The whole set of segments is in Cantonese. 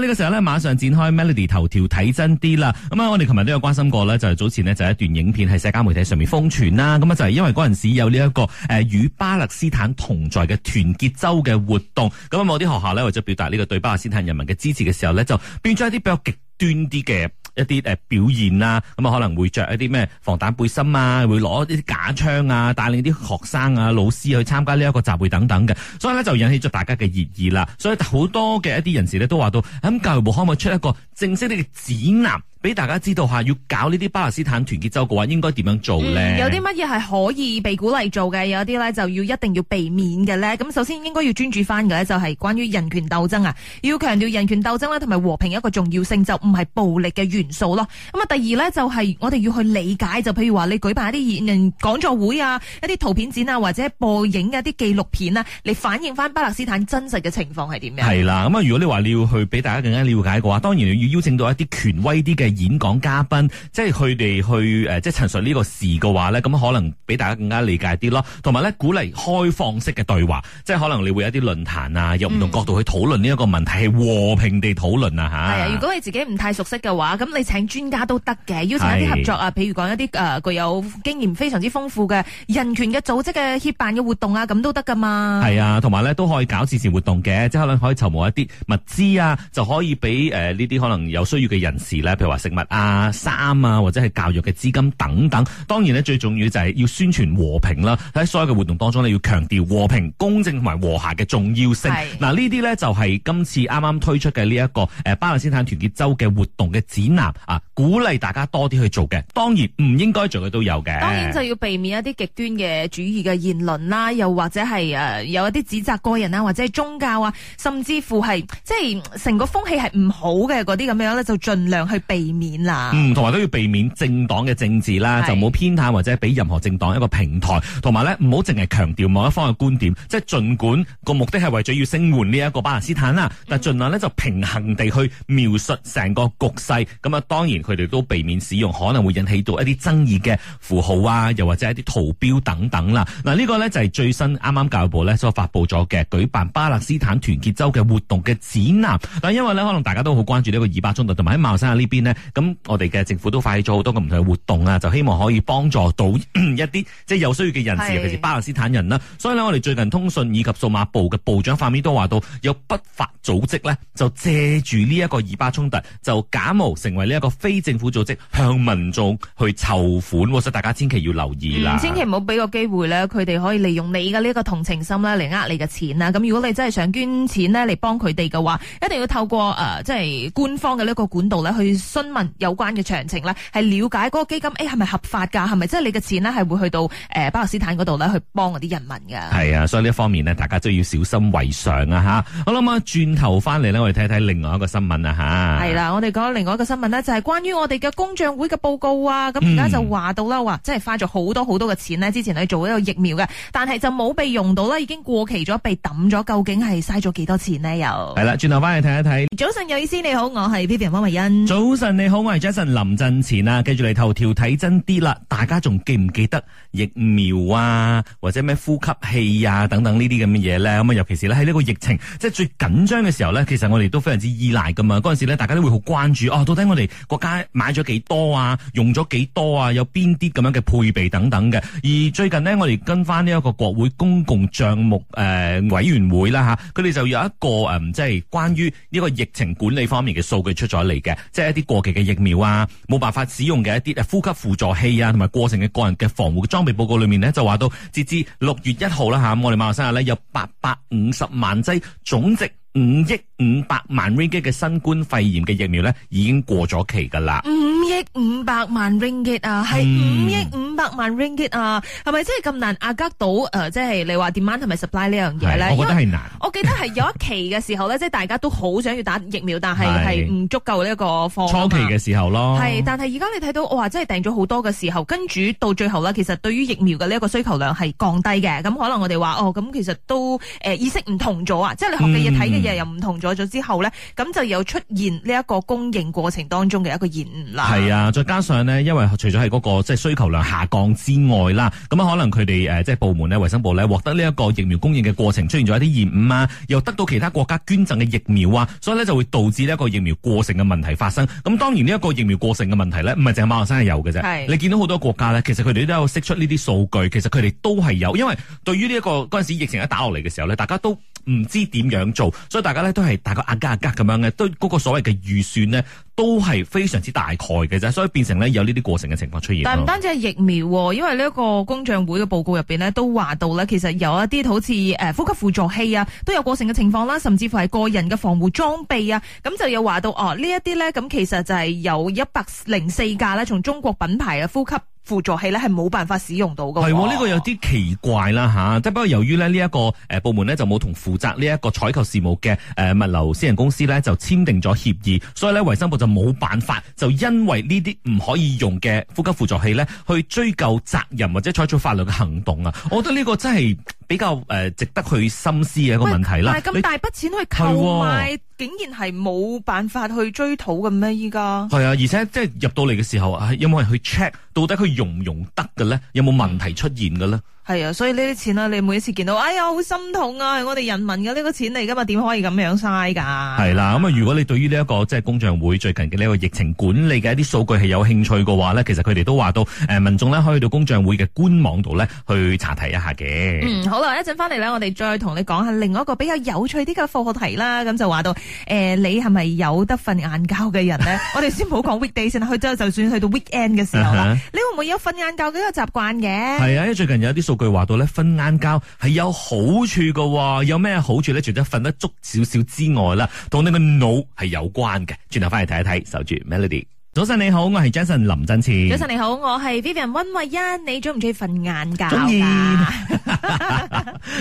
呢個時候咧，馬上展開 Melody 頭條睇真啲啦。咁啊，我哋琴日都有關心過咧，就係早前呢，就係一段影片喺社交媒體上面瘋傳啦。咁啊，就係因為嗰陣時有呢一個誒與巴勒斯坦同在嘅團結周嘅活動，咁啊，某啲學校咧為咗表達呢個對巴勒斯坦人民嘅支持嘅時候咧，就變咗一啲比較極端啲嘅。一啲誒表現啊，咁啊可能會着一啲咩防彈背心啊，會攞一啲假槍啊，帶領啲學生啊、老師去參加呢一個集會等等嘅，所以咧就引起咗大家嘅熱議啦。所以好多嘅一啲人士咧都話到，咁教育部可唔可以出一個正式啲嘅指南？俾大家知道下要搞呢啲巴勒斯坦團結周嘅話，應該點樣做咧，嗯？有啲乜嘢係可以被鼓勵做嘅？有啲咧就要一定要避免嘅咧？咁首先應該要專注翻嘅咧，就係關於人權鬥爭啊，要強調人權鬥爭啦，同埋和平一個重要性，就唔係暴力嘅元素咯。咁啊，第二咧就係我哋要去理解，就譬如話你舉辦一啲人講座會啊，一啲圖片展啊，或者播影一啲紀錄片啊，嚟反映翻巴勒斯坦真實嘅情況係點樣？係啦，咁啊，如果你話你要去俾大家更加了解嘅話，當然要邀請到一啲權威啲嘅。演講嘉賓，即係佢哋去誒、呃，即係陳述呢個事嘅話咧，咁可能俾大家更加理解啲咯。同埋咧，鼓勵開放式嘅對話，即係可能你會有啲論壇啊，有唔同角度去討論呢一個問題，係和平地討論啊嚇。係啊，如果你自己唔太熟悉嘅話，咁你請專家都得嘅，邀請一啲合作啊。譬如講一啲誒具有經驗非常之豐富嘅人權嘅組織嘅協辦嘅活動啊，咁都得噶嘛。係啊，同埋咧都可以搞慈善活動嘅，即係可能可以籌募一啲物資啊，就可以俾誒呢啲可能有需要嘅人士咧，譬如話。食物啊、衫啊，或者係教育嘅資金等等。當然咧，最重要就係要宣傳和平啦。喺所有嘅活動當中咧，要強調和平、公正同埋和諧嘅重要性。嗱是，呢啲呢就係今次啱啱推出嘅呢一個誒巴勒斯坦團結周嘅活動嘅指南啊，鼓勵大家多啲去做嘅。當然唔應該做嘅都有嘅。當然就要避免一啲極端嘅主義嘅言論啦，又或者係誒有一啲指責個人啦，或者係宗教啊，甚至乎係即係成個風氣係唔好嘅嗰啲咁樣咧，就儘量去避免。免啦，嗯，同埋都要避免政黨嘅政治啦，是就冇偏袒或者俾任何政黨一個平台，同埋咧唔好淨係強調某一方嘅觀點。即係儘管個目的係為咗要聲援呢一個巴勒斯坦啦，嗯、但係盡量咧就平衡地去描述成個局勢。咁啊，當然佢哋都避免使用可能會引起到一啲爭議嘅符號啊，又或者一啲圖標等等啦。嗱、啊，呢、這個呢就係、是、最新啱啱教育部呢所發布咗嘅舉辦巴勒斯坦團結周嘅活動嘅展覽。嗱、啊，因為呢，可能大家都好關注呢個以巴衝突，同埋喺馬來西亞呢邊呢。咁我哋嘅政府都快咗好多唔同嘅活動啊，就希望可以幫助到一啲即係有需要嘅人士，是尤其是巴勒斯坦人啦。所以呢，我哋最近通訊以及數碼部嘅部長法米都話到，有不法組織呢就借住呢一個以巴衝突，就假冒成為呢一個非政府組織，向民眾去籌款。所以大家千祈要留意啦，嗯，千祈唔好俾個機會呢，佢哋可以利用你嘅呢個同情心呢嚟呃你嘅錢啊。咁如果你真係想捐錢呢嚟幫佢哋嘅話，一定要透過誒、呃、即係官方嘅呢一個管道呢去申。有關嘅詳情咧，係了解嗰個基金，誒係咪合法噶？係咪即係你嘅錢呢，係會去到誒、呃、巴勒斯坦嗰度呢，去幫嗰啲人民噶？係啊，所以呢一方面呢，大家都要小心為上啊！吓，好啦，咁我轉頭翻嚟呢，我哋睇睇另外一個新聞啊！吓，係啦、啊，我哋講另外一個新聞呢，就係、是、關於我哋嘅公賬會嘅報告啊！咁而家就話到啦，話即係花咗好多好多嘅錢呢，之前去做一個疫苗嘅，但係就冇被用到啦，已經過期咗，被抌咗，究竟係嘥咗幾多錢呢？又係啦，轉頭翻嚟睇一睇。看看早晨有意思，你好，我係 Vivian 溫慧欣。早晨。你好，我係 Jason 林。林。振前啊，繼續嚟，頭條睇真啲啦。大家仲記唔記得疫苗啊，或者咩呼吸器啊等等，呢啲咁嘅嘢咧？咁啊，尤其是咧喺呢個疫情即係最緊張嘅時候咧，其實我哋都非常之依賴噶嘛。嗰陣時咧，大家都會好關注哦。到底我哋國家買咗幾多啊？用咗幾多啊？有邊啲咁樣嘅配備等等嘅？而最近咧，我哋跟翻呢一個國會公共賬目誒、呃、委員會啦吓，佢哋就有一個誒，即、嗯、係、就是、關於呢個疫情管理方面嘅數據出咗嚟嘅，即係一啲國期嘅疫苗啊，冇辦法使用嘅一啲誒呼吸輔助器啊，同埋過剩嘅個人嘅防護裝備。報告裏面呢，就話到截至六月一號啦吓，我哋馬來西亞呢，有八百五十萬劑，總值五億五百萬 ringgit 嘅新冠肺炎嘅疫苗呢，已經過咗期噶啦，五億五百萬 ringgit 啊，係五億五。百萬 ringgit 啊，係咪真係咁難壓得到？誒、呃，即、就、係、是、你話 demand 同埋 supply 呢樣嘢咧？我覺得係難。我記得係有一期嘅時候咧， 即係大家都好想要打疫苗，但係係唔足夠呢一個初期嘅時候咯。係，但係而家你睇到，我哇，真係訂咗好多嘅時候，跟住到最後咧，其實對於疫苗嘅呢一個需求量係降低嘅。咁可能我哋話哦，咁其實都誒、呃、意識唔同咗啊，即係你學嘅嘢睇嘅嘢又唔同咗咗之後咧，咁就有出現呢一個供應過程當中嘅一個延誤。係啊，再加上咧，因為除咗係嗰個即係需求量下降。降之外啦，咁啊可能佢哋即係部門咧，衛生部咧獲得呢一個疫苗供應嘅過程出現咗一啲延誤啊，又得到其他國家捐贈嘅疫苗啊，所以咧就會導致呢一個疫苗過剩嘅問題發生。咁當然呢一個疫苗過剩嘅問題咧，唔係淨係馬來西亞，係有嘅啫。你見到好多國家咧，其實佢哋都有釋出呢啲數據，其實佢哋都係有，因為對於呢、這、一個嗰陣時疫情一打落嚟嘅時候咧，大家都唔知點樣做，所以大家咧都係大家壓壓壓咁樣嘅，都嗰個所謂嘅預算咧，都係非常之大概嘅啫，所以變成咧有呢啲過剩嘅情況出現。但唔單止係疫苗，因為呢一個公賬會嘅報告入邊呢，都話到、哦、呢，其實有一啲好似誒呼吸輔助器啊，都有過剩嘅情況啦，甚至乎係個人嘅防護裝備啊，咁就有話到哦，呢一啲呢，咁其實就係有一百零四架呢，從中國品牌嘅呼吸輔助器呢，係冇辦法使用到嘅。係喎、哦，呢、呢個有啲奇怪啦嚇，即係不過由於咧呢一個誒部門呢，就冇同負責呢一個採購事務嘅誒物流私人公司呢，就簽訂咗協議，所以呢，衞生部就。冇辦法就因為呢啲唔可以用嘅呼吸輔助器咧，去追究責任或者採取法律嘅行動啊。我覺得呢個真係。比較誒值得去深思嘅一個問題啦。係咁喂你大筆錢去購買，係啊、竟然係冇辦法去追討嘅咩？依家係啊，而且即係入到嚟嘅時候，有冇人去 check 到底佢用唔用得嘅咧？有冇問題出現嘅咧？係啊，所以呢啲錢啊，你每一次見到，哎呀，好心痛啊！係我哋人民嘅呢個錢嚟噶嘛，點可以咁樣嘥噶？係啦、啊，咁、嗯、啊，如果你對於呢一個即係工展會最近嘅呢個疫情管理嘅一啲數據係有興趣嘅話咧，其實佢哋都話到，誒、呃，民眾咧可以到工展會嘅官網度咧去查睇一下嘅。嗯，好啦，一陣翻嚟咧，我哋再同你講下另外一個比較有趣啲嘅課題啦。咁就話到，誒、呃，你係咪有得瞓晏覺嘅人咧？ 我哋先唔好講 weekday 先，去後就算去到 weekend 嘅時候啦，uh huh. 你會唔會有瞓晏覺嘅一個習慣嘅？係啊，因為最近有啲數據話到咧，瞓晏覺係有好處喎。有咩好處咧？除咗瞓得足少少之外啦，同你個腦係有關嘅。轉頭翻嚟睇一睇，守住 Melody。早晨你好，我係 Jason 林振詞。早晨你好，我係 Vivian 溫慧欣。你中唔中意瞓晏覺？中意。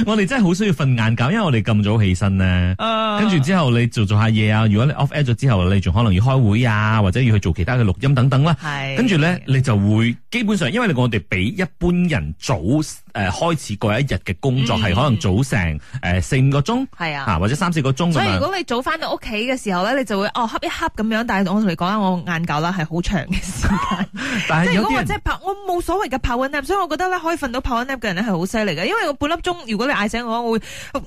我哋真係好需要瞓晏覺，因為我哋咁早起身咧。跟住、啊、之後你做做下嘢啊，如果你 off air 咗之後，你仲可能要開會啊，或者要去做其他嘅錄音等等啦。係是。跟住咧，你就會。基本上，因為我哋比一般人早誒、呃、開始嗰一日嘅工作係、嗯、可能早成誒四五個鐘，係啊，啊，或者三四個鐘，所以如果你早翻到屋企嘅時候咧，你就會哦瞌一瞌咁樣，但係我同你講啦，我眼睩啦係好長嘅時間。 但係如果我真係泡，我冇所謂嘅 power nap 所以我覺得咧可以瞓到 power nap 嘅人咧係好犀利嘅，因為我半粒鐘如果你嗌醒我，我會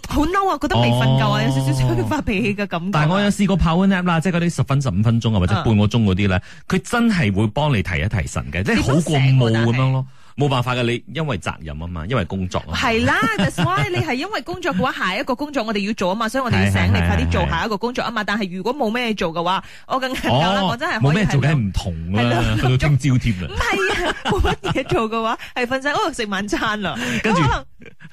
好嬲啊，覺得未瞓夠啊，哦、有少少發脾氣嘅感覺。但係我有試過 power nap 即係嗰啲十分十五分鐘啊，或者半個鐘嗰啲咧，佢、嗯、真係會幫你提一提神嘅，即係好。冇咁樣咯。嗯冇辦法嘅，你因為責任啊嘛，因為工作啊。係啦 just why 你係因為工作嘅話，下一個工作我哋要做啊嘛，所以我哋要醒你快啲做下一個工作啊嘛。但係如果冇咩做嘅話，我更加好啦，我真係冇咩做嘅唔同啦，去到聽朝添啦。唔係啊，冇乜嘢做嘅話，係瞓醒哦食晚餐啦。跟住可能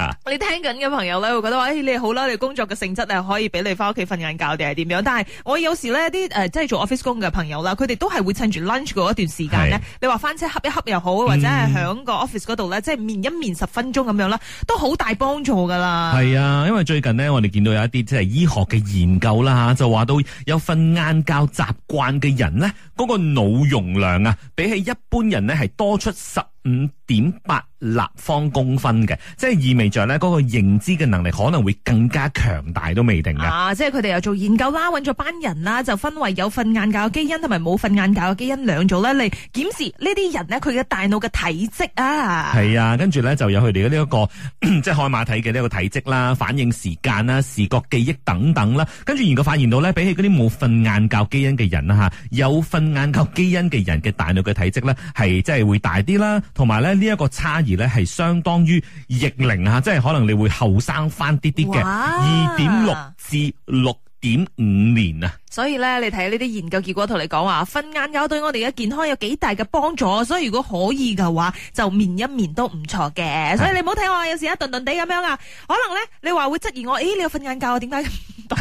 啊，你聽緊嘅朋友咧會覺得話，誒你好啦，你工作嘅性質啊可以俾你翻屋企瞓晏覺定係點樣？但係我有時咧啲誒即係做 office 工嘅朋友啦，佢哋都係會趁住 lunch 嗰一段時間咧，你話翻車恰一恰又好，或者係響。個 office 嗰度咧，即係眠一眠十分鐘咁樣啦，都好大幫助噶啦。係啊，因為最近咧，我哋見到有一啲即係醫學嘅研究啦吓，就話到有瞓晏覺習慣嘅人咧，嗰個腦容量啊，比起一般人咧係多出十五點八，立方公分嘅，即係意味着咧，嗰個認知嘅能力可能會更加強大都未定嘅。啊，即係佢哋又做研究啦，搵咗班人啦，就分為有瞓晏覺基因同埋冇瞓晏覺嘅基因兩組咧嚟檢視呢啲人、啊啊、呢，佢嘅大腦嘅體積啊。係啊，跟住咧就有佢哋嘅呢一個咳咳即係海馬體嘅呢個體積啦、反應時間啦、視覺記憶等等啦。跟住研究發現到咧，比起嗰啲冇瞓晏覺基因嘅人啦，吓有瞓晏覺基因嘅人嘅大腦嘅體積咧，係即係會大啲啦，同埋咧呢一個差。而咧係相當於逆齡啊，即係可能你會後生翻啲啲嘅，二點六至六點五年啊。所以咧，你睇呢啲研究結果圖來，同你講話瞓晏覺對我哋嘅健康有幾大嘅幫助。所以如果可以嘅話，就眠一眠都唔錯嘅。所以你唔好睇我有時一頓頓地咁樣啊。可能咧，你話會質疑我，誒、欸、你要瞓晏覺點、啊、解？可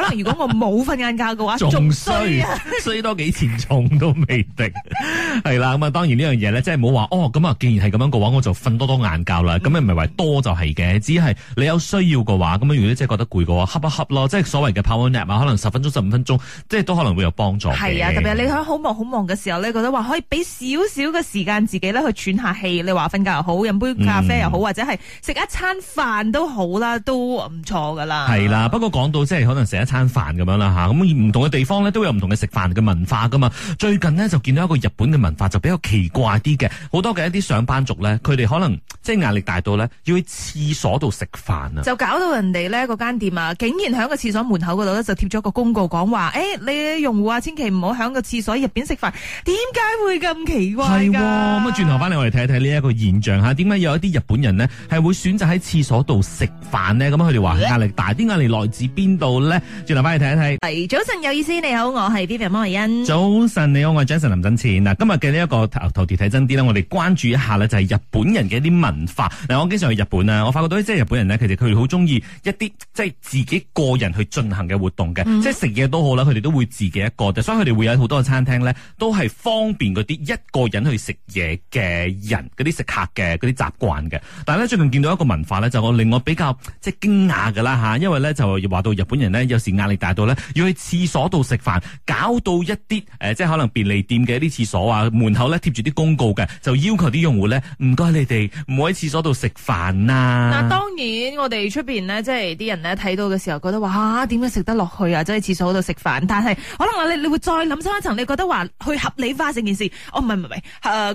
能 衰如果我冇瞓晏覺嘅話，仲衰衰多幾錢重都未定。 係啦，咁啊，當然呢樣嘢咧，即係冇話哦，咁啊，既然係咁樣嘅話，我就瞓多多眼覺啦。咁又唔係話多就係嘅，只係你有需要嘅話，咁如果真係覺得攰嘅話，瞌一瞌咯，即係所謂嘅 power nap 啊，可能十分鐘、十五分鐘，即係都可能會有幫助。係啊，特別係你喺好忙好忙嘅時候咧，你覺得話可以俾少少嘅時間自己咧去喘下氣。你話瞓覺又好，飲杯咖啡又好，嗯、或者係食一餐飯都好啦，都唔錯噶啦。係啦，不過講到即係可能食一餐飯咁樣啦嚇，咁唔同嘅地方咧都有唔同嘅食飯嘅文化噶嘛。最近呢，就見到一個日本嘅。文化就比較奇怪啲嘅，好多嘅一啲上班族咧，佢哋可能即係壓力大到咧，要去廁所度食飯啊，就搞到人哋咧，嗰間店啊，竟然喺個廁所門口嗰度咧就貼咗個公告話，講話誒，你用戶啊，千祈唔好喺個廁所入邊食飯，點解會咁奇怪噶？係喎，哦，咁啊，轉頭翻嚟我哋睇一睇呢一個現象吓，點解有一啲日本人咧係會選擇喺廁所度食飯咧？咁佢哋話壓力大，啲壓力來自邊度咧？轉頭翻嚟睇一睇。係早晨有意思，你好，我係 Vivian 摩爾茵。早晨你好，我係 Jason 林振錢啊，今。今日嘅呢一個頭頭條睇真啲啦，我哋關注一下咧，就係日本人嘅一啲文化。嗱，我經常去日本啊，我發覺到即係日本人呢，其實佢哋好中意一啲即係自己個人去進行嘅活動嘅，嗯、即係食嘢都好啦，佢哋都會自己一個嘅，所以佢哋會有好多餐廳呢，都係方便嗰啲一個人去食嘢嘅人，嗰啲食客嘅嗰啲習慣嘅。但係咧，最近見到一個文化呢，就我令我比較即係驚訝嘅啦嚇，因為呢，就話到日本人呢，有時壓力大到呢，要去廁所度食飯，搞到一啲誒即係可能便利店嘅一啲廁所啊～門口咧貼住啲公告嘅，就要求啲用戶咧唔該你哋唔好喺廁所度食飯啦。嗱，當然我哋出邊呢，即係啲人咧睇到嘅時候，覺得話啊，點樣食得落去啊？即係廁所度食飯。但係可能你你會再諗深一層，你覺得話去合理化成件事。哦，唔係唔係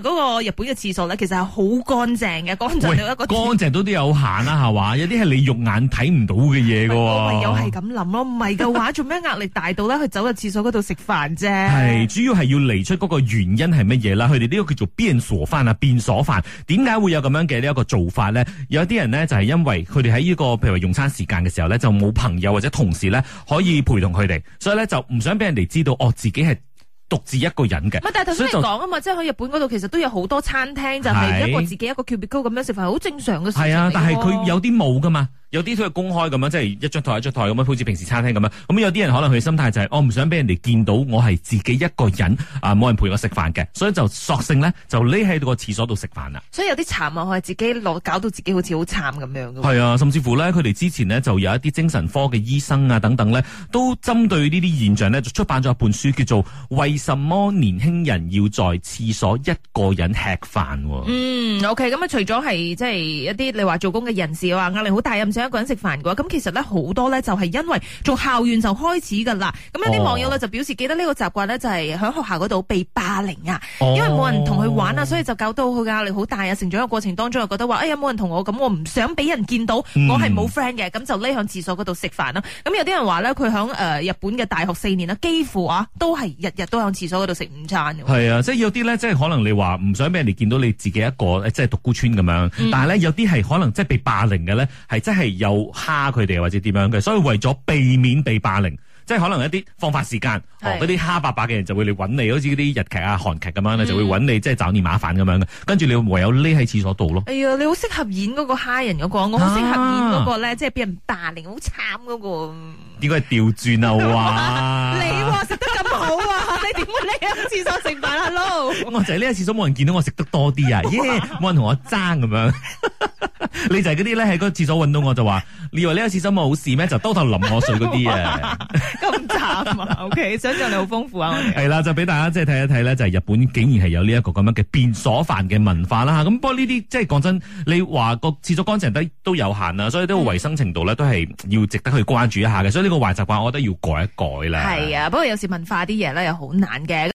嗰個日本嘅廁所咧，其實係好乾淨嘅，乾淨到一個乾淨到都有限啦，啊，係嘛？ 有啲係你肉眼睇唔到嘅嘢嘅。我又係咁諗咯，唔係嘅話，做咩壓力大到咧去走入廁所嗰度食飯啫？係主要係要離出嗰個原因。係乜嘢啦？佢哋呢個叫做便所飯啊，便所飯，點解會有咁樣嘅呢一個做法咧？有啲人咧就係、是、因為佢哋喺呢個，譬如話用餐時間嘅時候咧，就冇朋友或者同事咧可以陪同佢哋，所以咧就唔想俾人哋知道，哦，自己係獨自一個人嘅。係，但係頭先你講啊嘛，即係去日本嗰度，其實都有好多餐廳就係、是、一個自己一個 cubicle 咁樣食飯，好正常嘅事情。係啊，但係佢有啲冇噶嘛。有啲都係公開咁樣，即係一張台一張台咁樣，好似平時餐廳咁樣。咁有啲人可能佢心態就係，我唔想俾人哋見到我係自己一個人，啊冇人陪我食飯嘅，所以就索性呢，就匿喺個廁所度食飯啦。所以有啲慘啊，佢係自己攞搞到自己好似好慘咁樣。係啊，甚至乎呢，佢哋之前呢，就有一啲精神科嘅醫生啊等等呢，都針對呢啲現象呢，就出版咗一本書，叫做《為什麼年輕人要在廁所一個人吃飯》，嗯。嗯，OK，咁啊，除咗係即係一啲你話做工嘅人士話壓力好大想一個人食飯嘅話，咁其實咧好多咧就係因為從校園就開始噶啦。咁有啲網友咧就表示，哦、記得呢個習慣咧就係喺學校嗰度被因為冇人同佢玩啊，oh. 所以就搞到佢嘅壓力好大啊。成長嘅過程當中又覺得話，哎呀冇人同我，咁我唔想俾人見到，我係冇 friend 嘅，咁、嗯、就匿喺廁所嗰度食飯啦。咁有啲人話咧，佢響誒日本嘅大學四年啦，幾乎啊都係日日都喺廁所嗰度食午餐嘅。係啊，即係有啲咧，即係可能你話唔想俾人哋見到你自己一個，即係獨孤村咁樣。嗯、但係咧有啲係可能即係被霸凌嘅咧，係真係又蝦佢哋或者點樣嘅，所以為咗避免被霸凌。即係可能一啲放法時間，哦嗰啲蝦伯伯嘅人就會嚟揾你，好似嗰啲日劇啊、韓劇咁樣咧，嗯、就會揾你即係找你早麻煩咁樣嘅。跟住你會唯有匿喺廁所度咯。哎呀，你好適合演嗰個蝦人嗰、那個，我好適合演嗰個咧，即係俾人霸凌好慘嗰個。點解係調轉啊？那個、話哇！你食、啊、得咁好啊？ 你點匿喺廁所食飯？我就喺呢個廁所冇人見到我食得多啲啊！耶、yeah, 哇，冇人同我爭咁樣。 你就係嗰啲咧喺個廁所揾到我就話，你以為呢個廁所冇事咩？就兜頭淋我水嗰啲啊！ o、okay, k 想象力好豐富啊，係啦， 就俾大家即係睇一睇咧，就係、是、日本竟然係有呢一個咁樣嘅便所飯嘅文化啦吓。咁不過呢啲即係講真，你話個廁所乾淨低都有限啦，所以呢個衛生程度咧都係要值得去關注一下嘅。所以呢個壞習慣，我覺得要改一改啦。係啊，不過有時文化啲嘢咧又好難嘅。